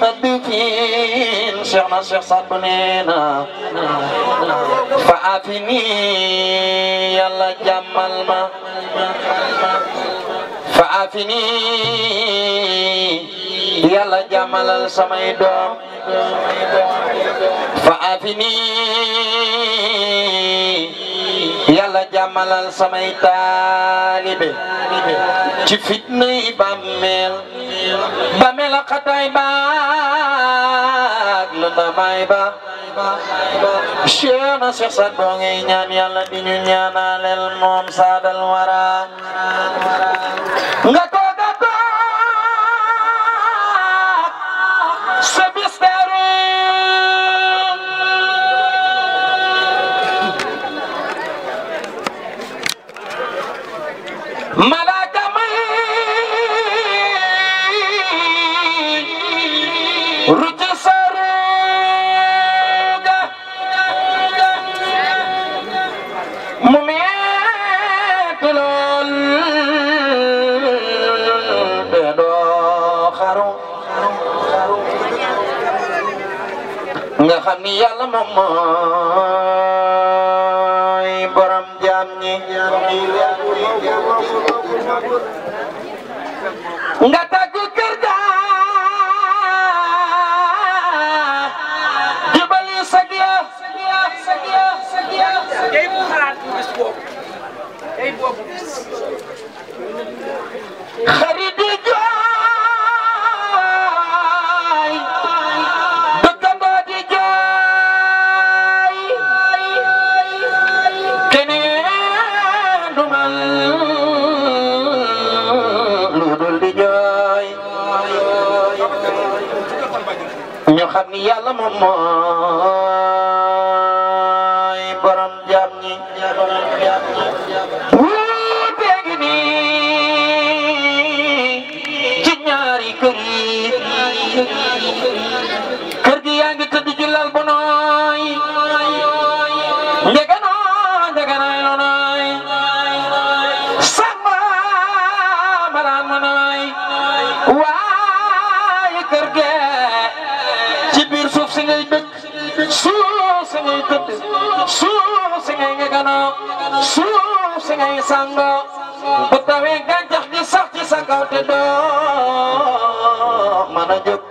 مخبتين شيخنا الشيخ سعد بنينا فعافني يلا جمال ما فعافني يلا جمال السماي دوم فعافني yàlla jàmmalal samay taalibe ci fitna yi bàmmeel ba mel ak xataay baag lu ndamaay ba Cheikh e na Cheikh Saad Bou ngay ñaan yàlla di ñu ñaanalel moom saadal wara nga ko ni yàlla nga tàggu kër ga di jooy ñu xam ni yàlla moom moo Segana Suruh singai sangga Betawi gajah kisah kisah kau dedok Manajuk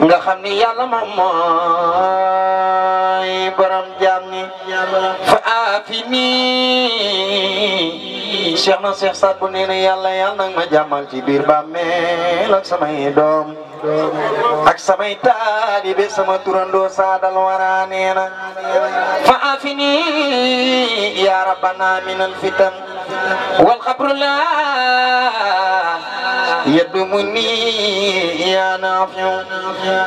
Enggak kami ya lamamai Beram jami Fa'afimi siapa siapa pun ini ya layal Nang majamal cibir bame Laksamai dom ak samay taalibe sama dosa saadal wara neena fa afini ya rabbana min fitan wal qabru la yadumuni ya nafiu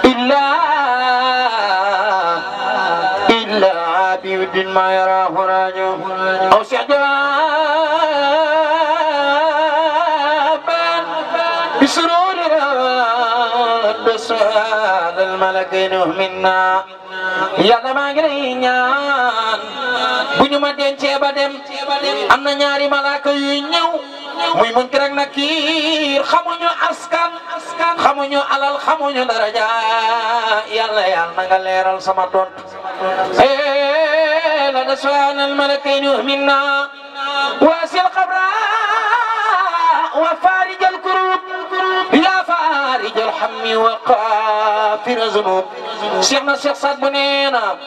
illa illa abidin ma yara rajo aw sa'dan yéenuh minna yàlla maa ngi lay ñaan bu ñu ma dencee ba dem am na ñaari malaaka yu ñëw muy Munkar ak Nakiir xamuñu askan xamuñu alal xamuñu daraja yàlla yàlla na nga leeral sama tontu eh, la nasaan al malakayni minna waasil qabra wa faarijal kurub وحمي وقافر زنوب شيخنا شيخ سعد بنينا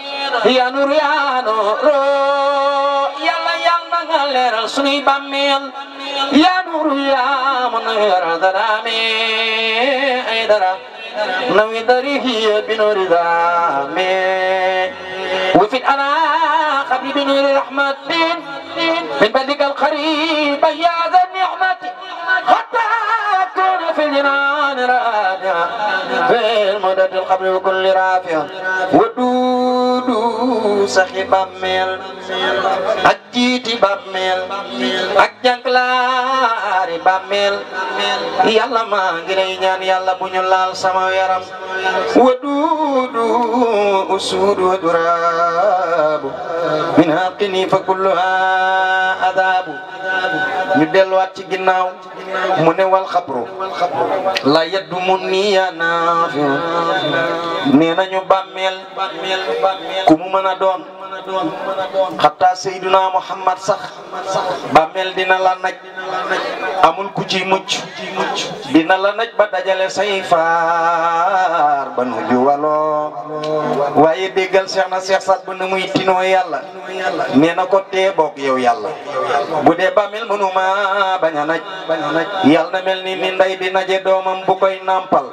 يا نور يا نور يا الله يا غلر سني بامل يا نور يا منير درامي ايدرا نوي دري هي بنور دامي وفي انا حبيب نور الرحمة من بدك القريب يا ذا النعمة حتى تكون في الجنان رادعة في المدة القبل وكل رافعة ودود سخي باميل جيتي باميل ak janklaari bàmmeel yàlla maa ngi sama yaram waduudu usuudu wa duraabu min haqini fa kulluha adaabu la yeddu mu niya yaa naafi nee nañu bàmmeel ku mu mën a doon doon xataa Seydina Muhammad sax ba mel dina la naj amul ku ci mucc dina la naj ba dajale say faar ba nu juwaloo waaye déggal Cheikh na Cheikh Saad ba nu muy tinoo yàlla nee na ko boog yow yàlla bu dee ba mel mënuma bañ a naj yàlla na mel ni ni ndey di naje doomam bu koy nàmpal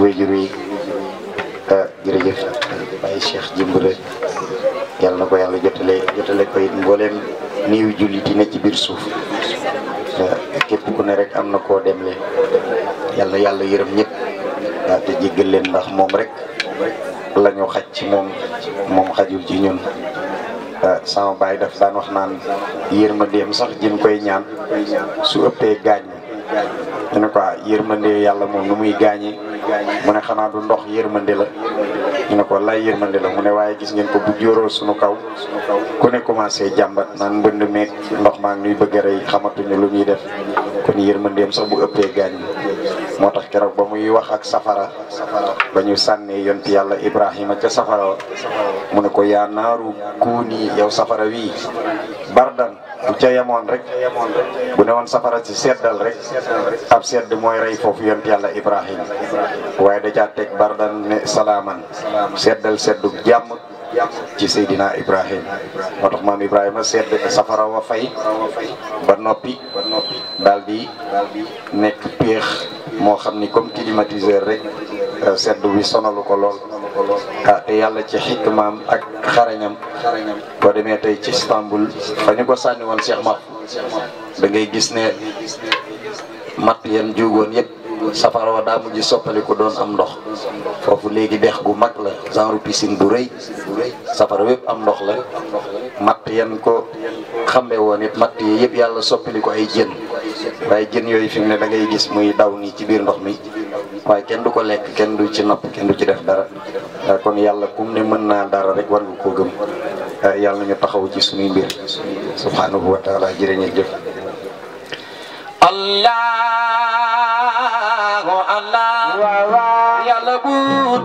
wéyjur yi ah, jërëjëf Baye Cheikh Djimbira yàlla na ko yàlla jotale jotale ko it mbooleem niiw jullit yi ne ci biir suuf ah, képp ku ne rek am na koo demle yàlla yàlla yërëm ñépp waaw ah, te jéggal leen ndax moom rek la ñu xaj ci moom moom xajul ci ñun sama baay daf daan wax naan yërmandeem sax jim koy ñaan su ëppee gaañ ñu ko yermande yalla mo nu muy gaañe mu ne xanaa du ndox yermande la ñu ko lay yermande la mu ne waaye gis ngeen ko bu joro suñu kaw ku ne commencé jambat nan mbënd meeg ndox ma ngi bëgg a rey xamatuñu lu ñuy def kon am sax bu ëppé gañi motax tax ba muy wax ak safara ba ñu yont yalla ibrahima ca safara mu ne ko ya naru kuni yow safara wi bardan Jaya Monrek, gunawan ne woon safara Absir seddal rek ab sedd ibrahim Wede da caa teg bardan Salaman, salaaman seddal seddu Jamut, ci Dina Ibrahim moo Ibrahim, maam Ibrahima sedd safara wa fay ba noppi daal di nekk péex moo xam ah te yàlla ci maam ak xarañam boo demee tey ci Istanbul fa ñu ko sànni woon Cheikh Mat da ngay gis ne mat yan juugoon yëpp safara wa daa mujj ko doon am ndox fofu legi dex gu mag la genre piscine bu reuy safara web am ndox la mat yan ko xambe woon it matt yi yëpp soppali ko ay jën way jën yoy fi ne da ngay gis muy daw ni ci bir ndox mi way kenn du ko lek kenn du ci nop kenn du ci def dara kon yalla kum ne mën dara rek war nga koo gëm yàlla taxaw ci suñu mbir subhanahu wa taala Allah yàlla buur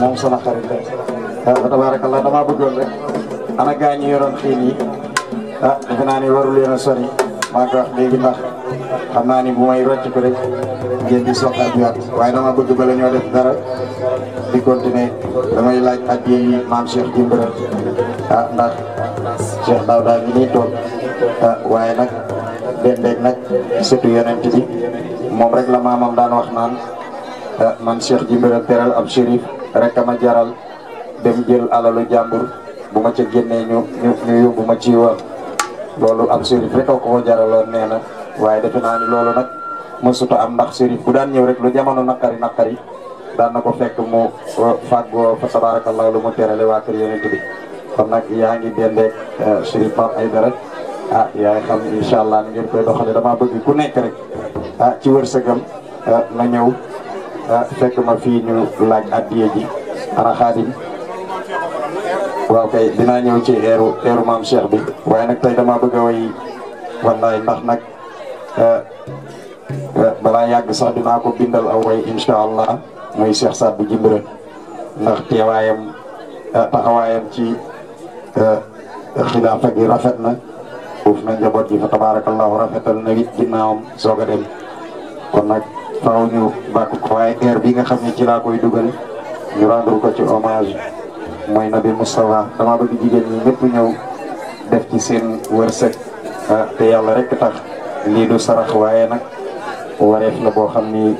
moom sama xarit la tabarakallah dama bëggoon rek ana gaa ñi yoroon fii ah defe naa ne warul leen sori maa ko wax léegi ndax xam ni bu may rocc ko rek ngeen di soog addiwaat waaye dama bëgg bala ñoo def dara di continuer damay laaj addiya yi Cheikh ah ndax Cheikh ah yonent bi rek la maamam daan wax naan man Cheikh teral ab rekama jaral dem jël alalu jambur bu ma ca génnee ñu ñu ñu yóbbu ma ci wal lolu am serif rek ko jaral néna waye waaye nañ lolu nak loolu nag am ndax serif bu daan ñew rek lu jamono nakari nakari daan nako fekk mu uh, faggo fa tabarakallah lu mu terale wa kër yonent bi kon nak yaangi ngi uh, serif pap ay dara ah yaay xam inshallah allah ni ngeen koy doxale dama bëgg ku nekk rek ah ci wërsegam uh, na ñew Ah, fekk ma fii ñu laaj addiye ji ana xaadim waaw kay dinaa ñëw ci eeru eeru maam Cheikh bi waaye nag tey dama bëgg a way wallaay ndax nag ah, ah, balaa yàgg sax dinaa ko bindal aw way insha allah muy Cheikh Saad bu Jimbira ndax teewaayam taxawaayam ci xilaafa gi rafet na uuf na njaboot gi fa tabarakallahu rafetal na wit ginnaawam soog dem kon nag faaw ñu bàkk ko waaye air bi nga xam ne ci laa koy dugal ñu rendre ko ci hommage mooy Nabi Moustapha dama bëgg jigéen ñi ñëpp ñëw def ci seen wërsëg te yàlla rek tax lii du sarax waaye nag wareef la boo xam ni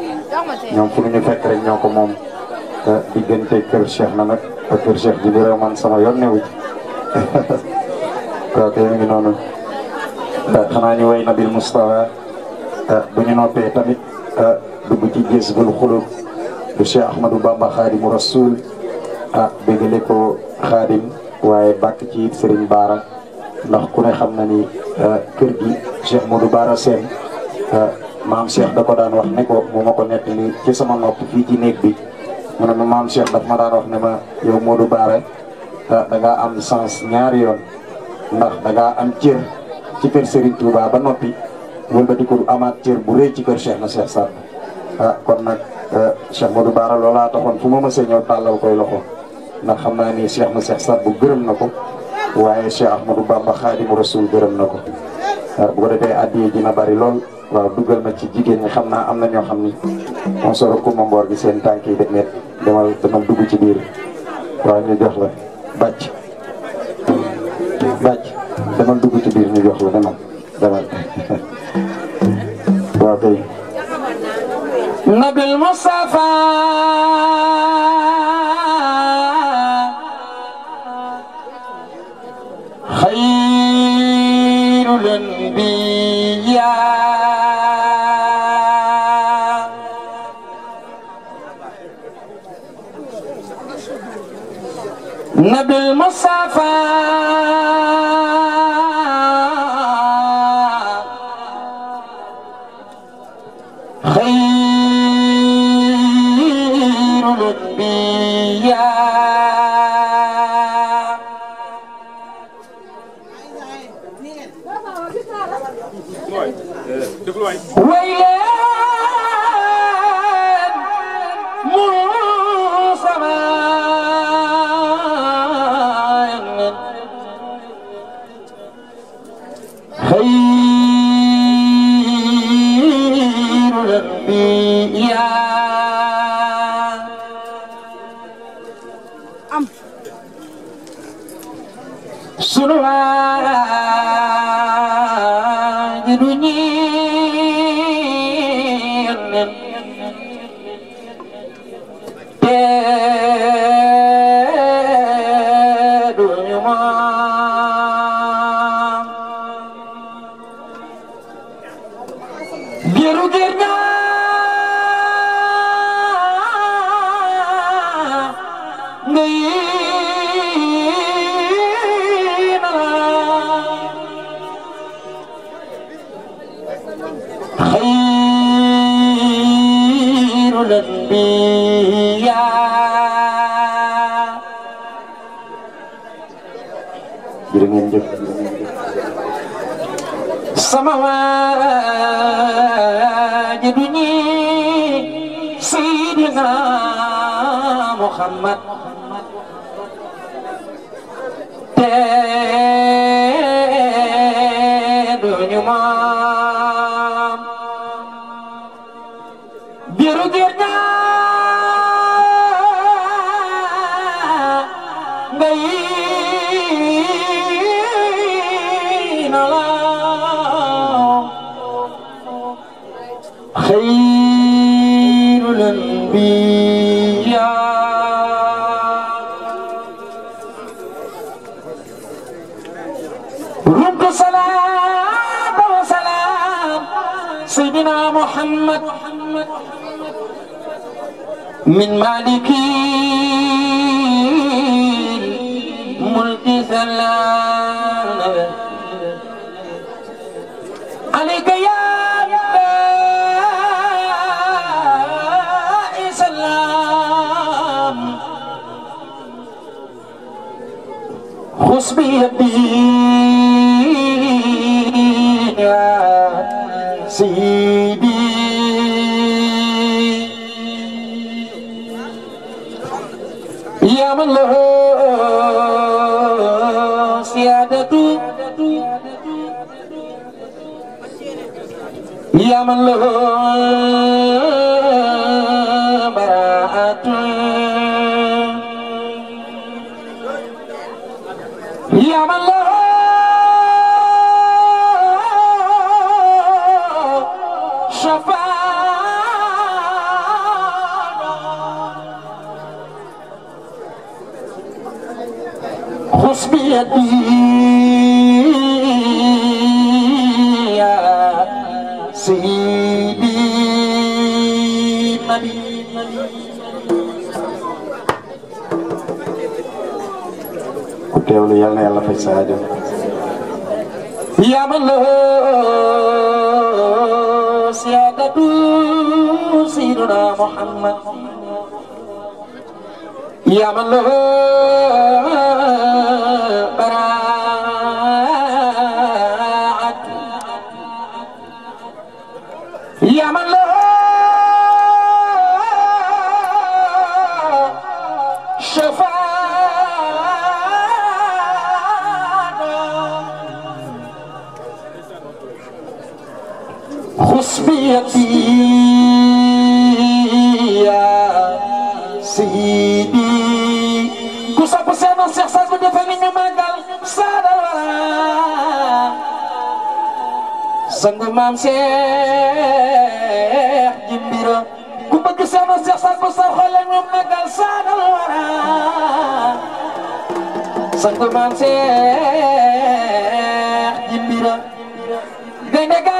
ñoom fu ñu fekk rek ñoo ko moom diggante kër Cheikh na nag te kër Cheikh ji bi man sama yoon newu ci waaw kay mi ngi noonu ñu way Nabi Moustapha bu ñu tamit dugg ci Jazbul Xulub bu Cheikh Ahmadou Bamba Xaadimu Rasuul a ah, bégale ko xaadim waaye bàkk ci it Serigne Baara ndax ku ne xam na ni ah, kër gi Cheikh Modou Baara Sène ah, maam Cheikh da ko daan wax ne ko mu ma ko nett ni ci sama nopp fii ci néeg bi mu ma maam Cheikh daf ma daan wax ne ma yow Modou Baara da ngaa am sens ñaari yoon ndax da ngaa am cër ci kër Serigne Touba ba noppi wëlbatiku amaat cër bu rëy ci kër Cheikh na Cheikh Sall ah kon nag e, Cheikh Modou Bara loolaa taxoon fu ma mës a koy loxo ndax xam ni Cheikh ma Cheikh Saad bu gërëm na ko waaye Cheikh Ahmadou Bamba Xaadimu Rasul gërëm na ko bu ko defee addiye dina bari lool waaw dugal ma ci jigéen ñi xam naa am na ni on soro kuma mboor gi seen tànk yi demet demal demal dugg ci biir waaw ñu jox la bàcc bàcc demal dugg ci biir ñu jox la demal demal waaw kay نبي المصطفى خير الانبياء نبي المصطفى من مالك الملك سلام عليك يا سلام خص بيدي من يا من له شفاعة خص بيدي yal na yàlla faj sa aajo yaa man lahu siyaadatu sayyidina Muhammad yaa man lahu يكفي يا سيدي كوسا سينا سيخ ساس بدي فمين مغال سادا سنگو مام شيخ جمبيرا ku bëgg seen seex sax ba sa xoolee ñoom magal saadal wara sant maam seex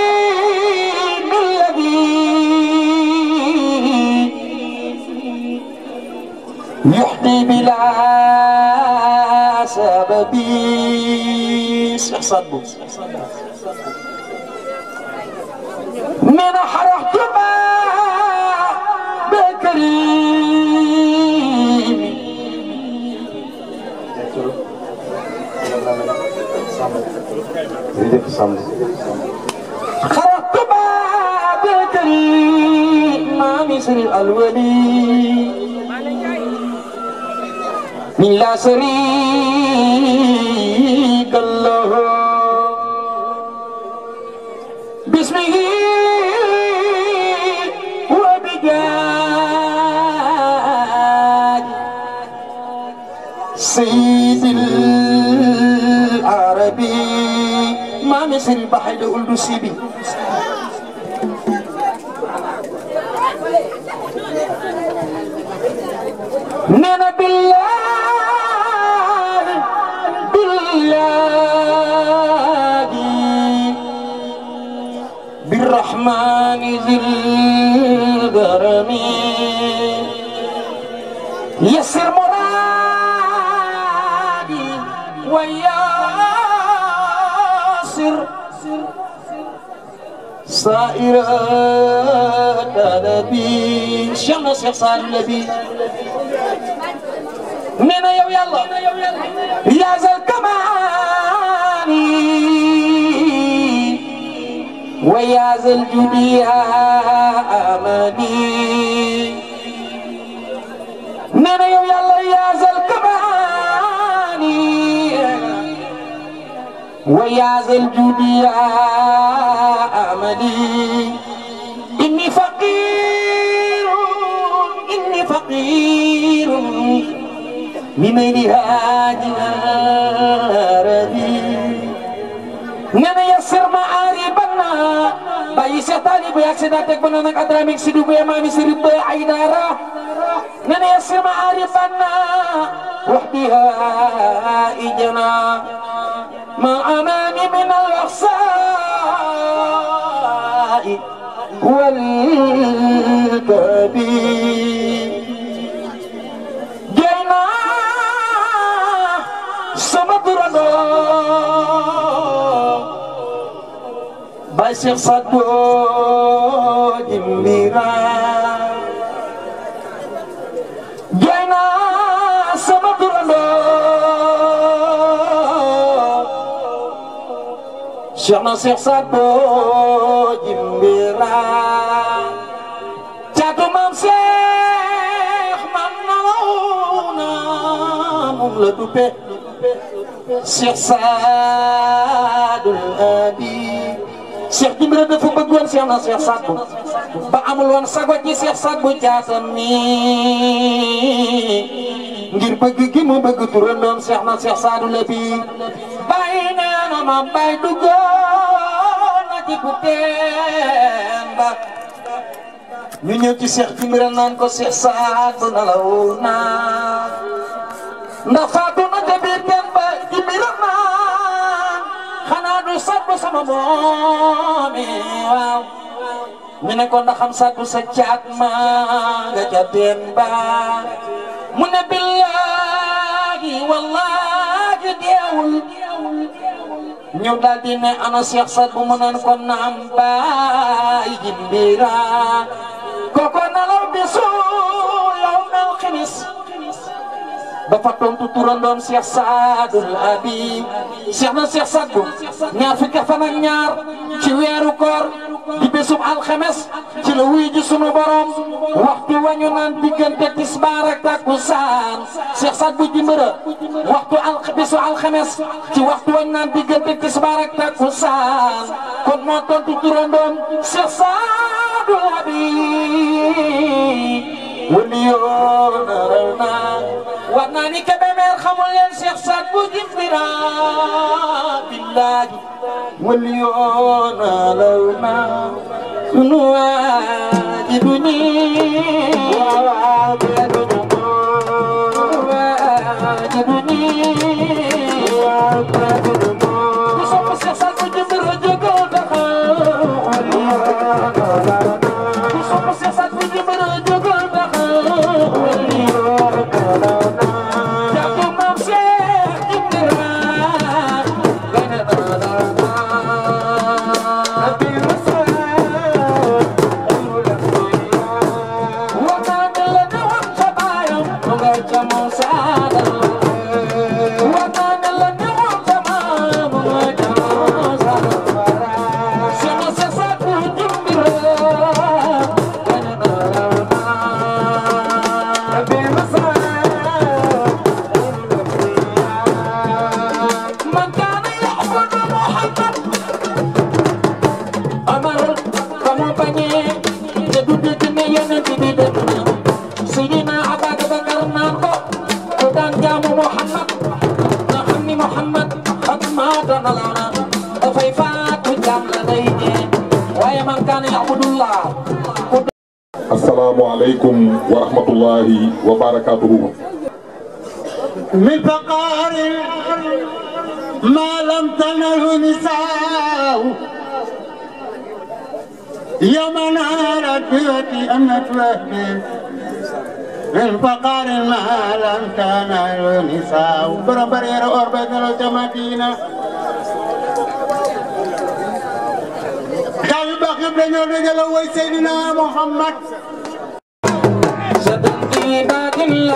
يحمي بلا سبب بوس من حرحت ما بكريم خرجت ما بكريم مع مصر الولي من لا شريك الله باسمه وبجاد سيد العربي ما مثل البحر القدسي به نبي الرحمن ذي البرم يسر مرادي وياسر سائر طلبي شمس يا صاحب النبي من يا يلا ويا ذا الجود آماني نانا يو يلا يا ذا ويا ذا الجود آماني إني فقير إني فقير من أين هاجنا ربي نانا يسر معاني Baisha tali bayak sedatek menanang adramik sidubu ya mami siribe aidara Nana yasima arifanna wahdiha ijana Ma'amani minal aksai Huwal kabir Jaina Samadurana Baay Seex Saad Boo jimbira jena sama turando Seex na Seex Saad Boo jimbira caatu maam Seex man nalawna moom la dupe Siap dimerdeka pembeguan siap nasihat sabu Pak amuluan sagwatnya siap sabu jasemi Ngir pagi mau begitu rendam siap nasihat sabu lebih Baina nama baik dugo nanti kutemba Nyonyoki siap dimerdeka siap sabu nalau na Nafatun du sàkku sama moomi waaw ñu ne ko ndaxam sàkku sa maa nga ca teen ba mu ne billaahi wallaahi deewul ñu daal di ne ana Cheikh Saad bu mu naan ko naam baay jimbira koko nalaw bisu dapat tontu dalam Cheikh Saadul Abi Cheikh na Cheikh Saddu ñaar nyar, fan ak di besok alxames ci la wuy waktu sunu borom Nanti wañu naan diggante tisbaar ak takkusaan Cheikh Waktu Jimbira al bésu alxames ci waxtu wañu naan diggante tisbaar ak takkusaan kon moo tontu Saadul Abi وطناني كبير خمول ينسيخ صاد بوجي فراء بالله وليونا لونا سنواجدني وعادلني السلام عليكم ورحمة الله وبركاته من فقار ما لم تنه نساء يوم نارت بيوتي أمة وهب من فقار ما لم تنه نساء بربرير أربد بقى قلبك بن رجل سيدنا محمد ಬಾಗಿಲ್ಲ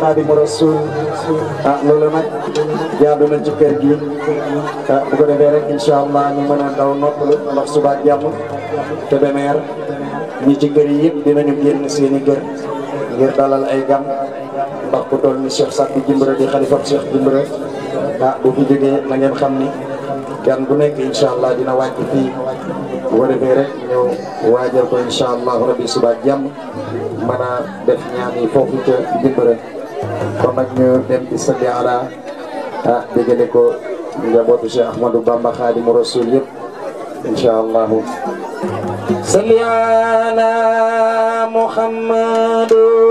Nabi Rasul tak lulamat ya mencukir cipergi tak bukan berek insyaallah ni mana tahu no pelut Allah kebemer ini tebemer ni di dina nyukin sini ger ger dalal aigam bak putol ni Syekh Sakti Jimbre di Khalifah Syekh Jimbre tak bu fi joge na ngeen xam ni gan insyaallah dina wacc fi bu defé rek ñew wajal ko insyaallah jam mana definnya ñaan yi fofu te kon nak ñu dem istiara ah degele ko njabotu cheikh ahmadou bamba khadim rasoul yeb ya. inshallah salli ala muhammadou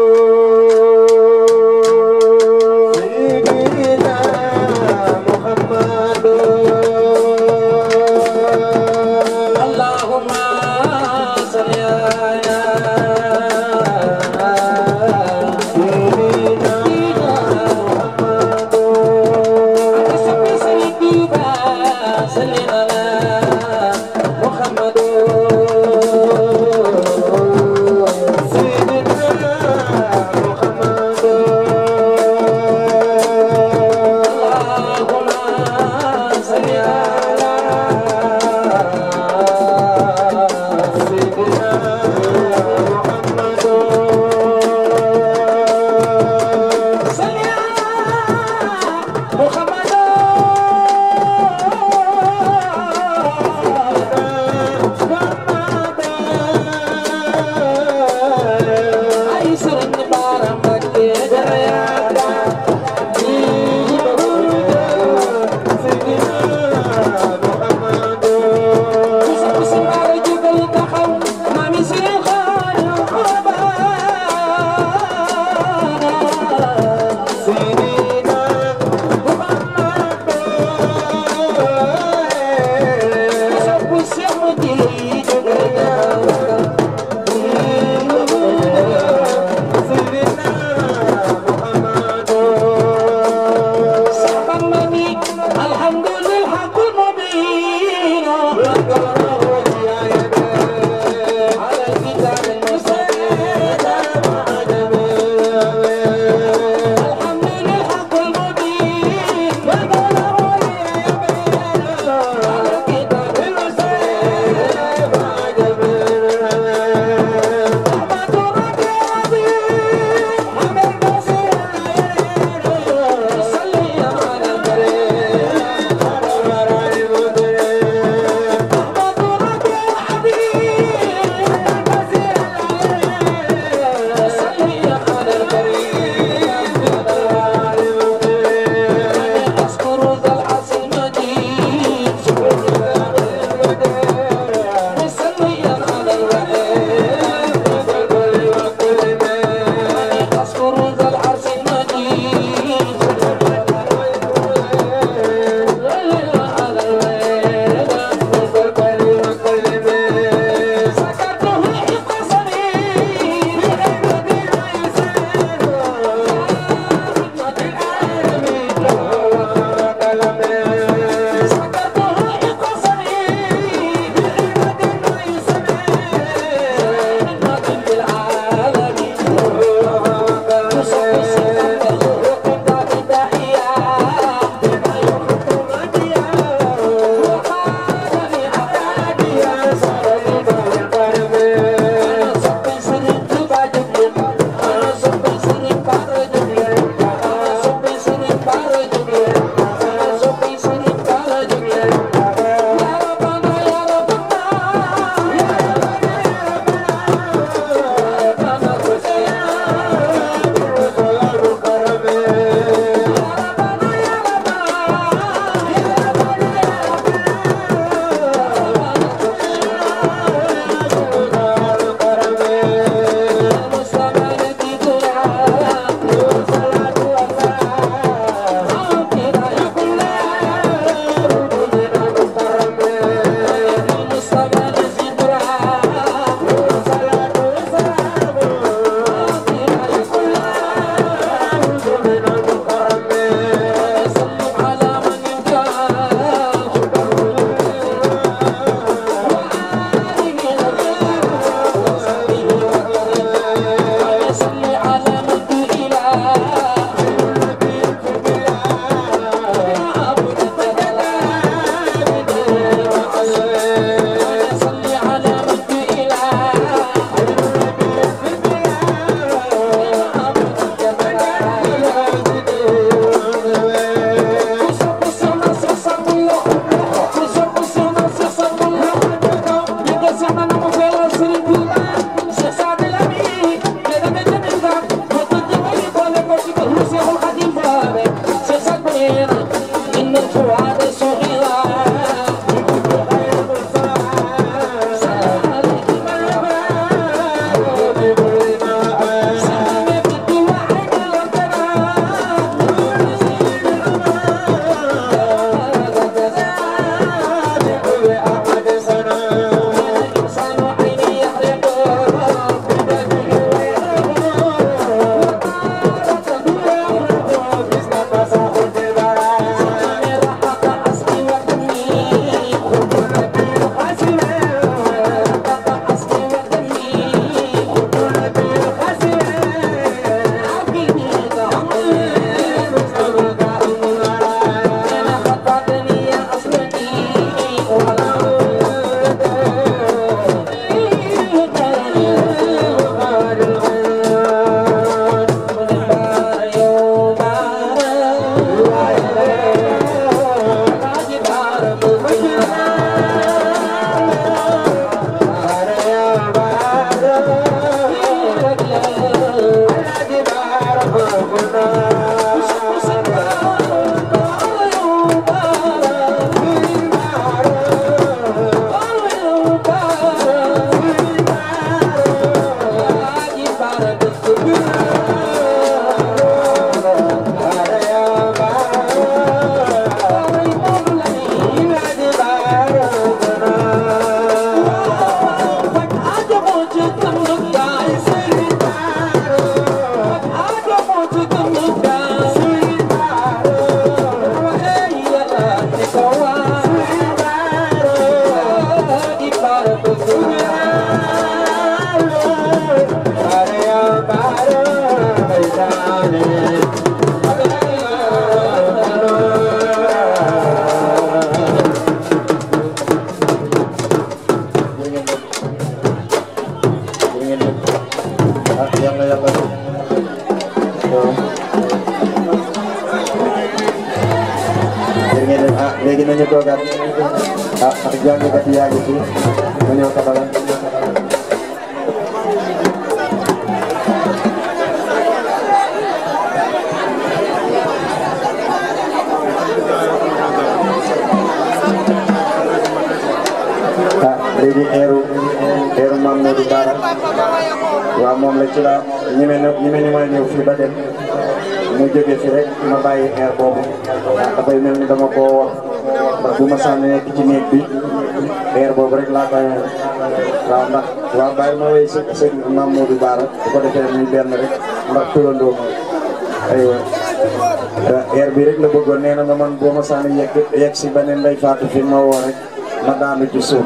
masaan yek yek yegg si beneen Ndeye Fatou fi ma wo rek ma daanu ci suuf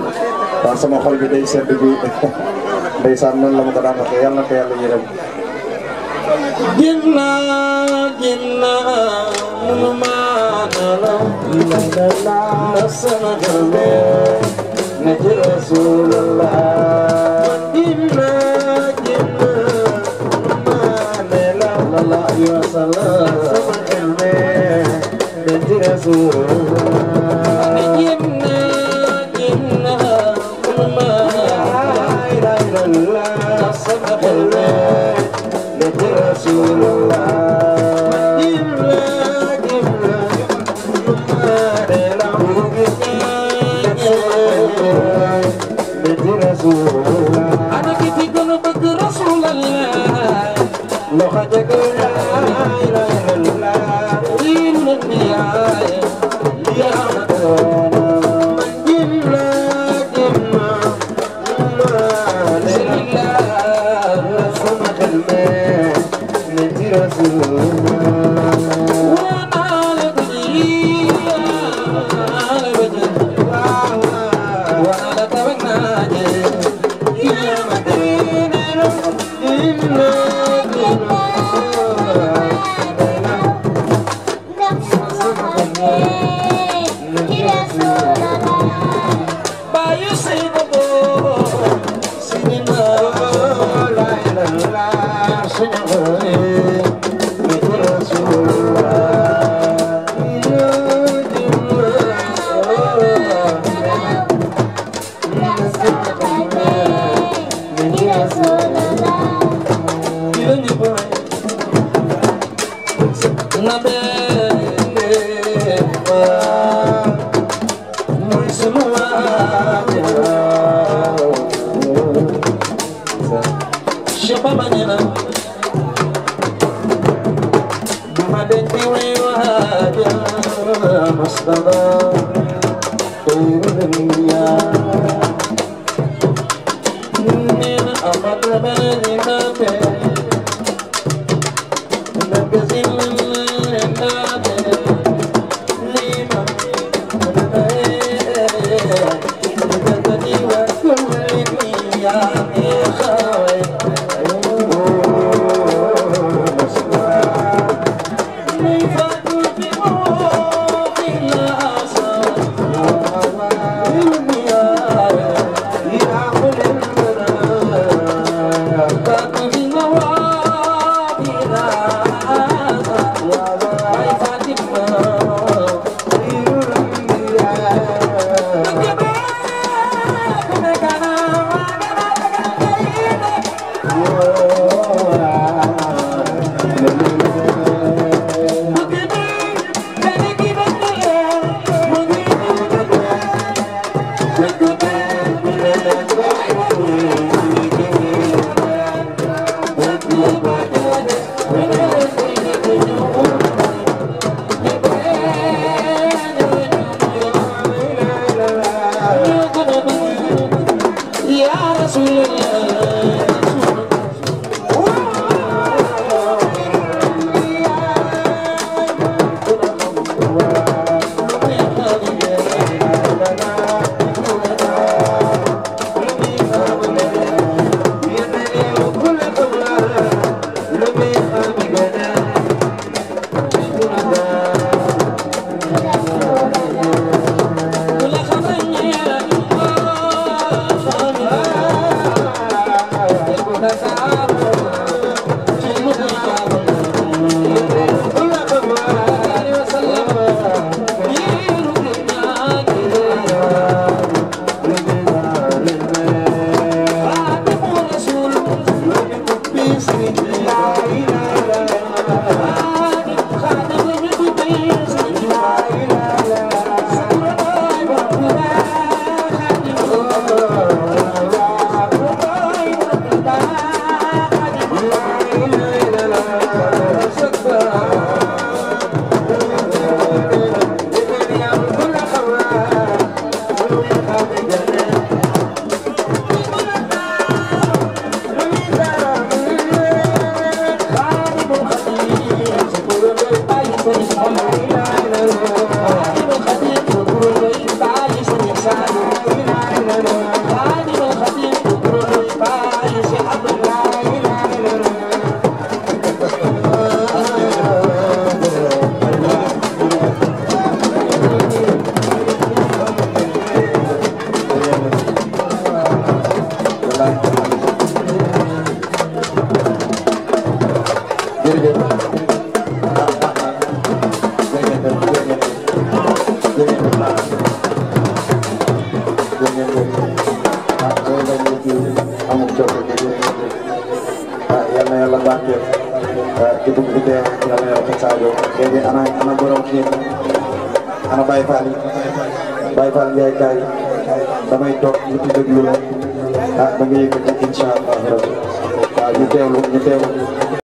ba sama xol bi day sedd bi ndeysaan noonu la ma ko daan waxee yalla ko yalla yërëm rek ginna ginna ginna munu maana Jesus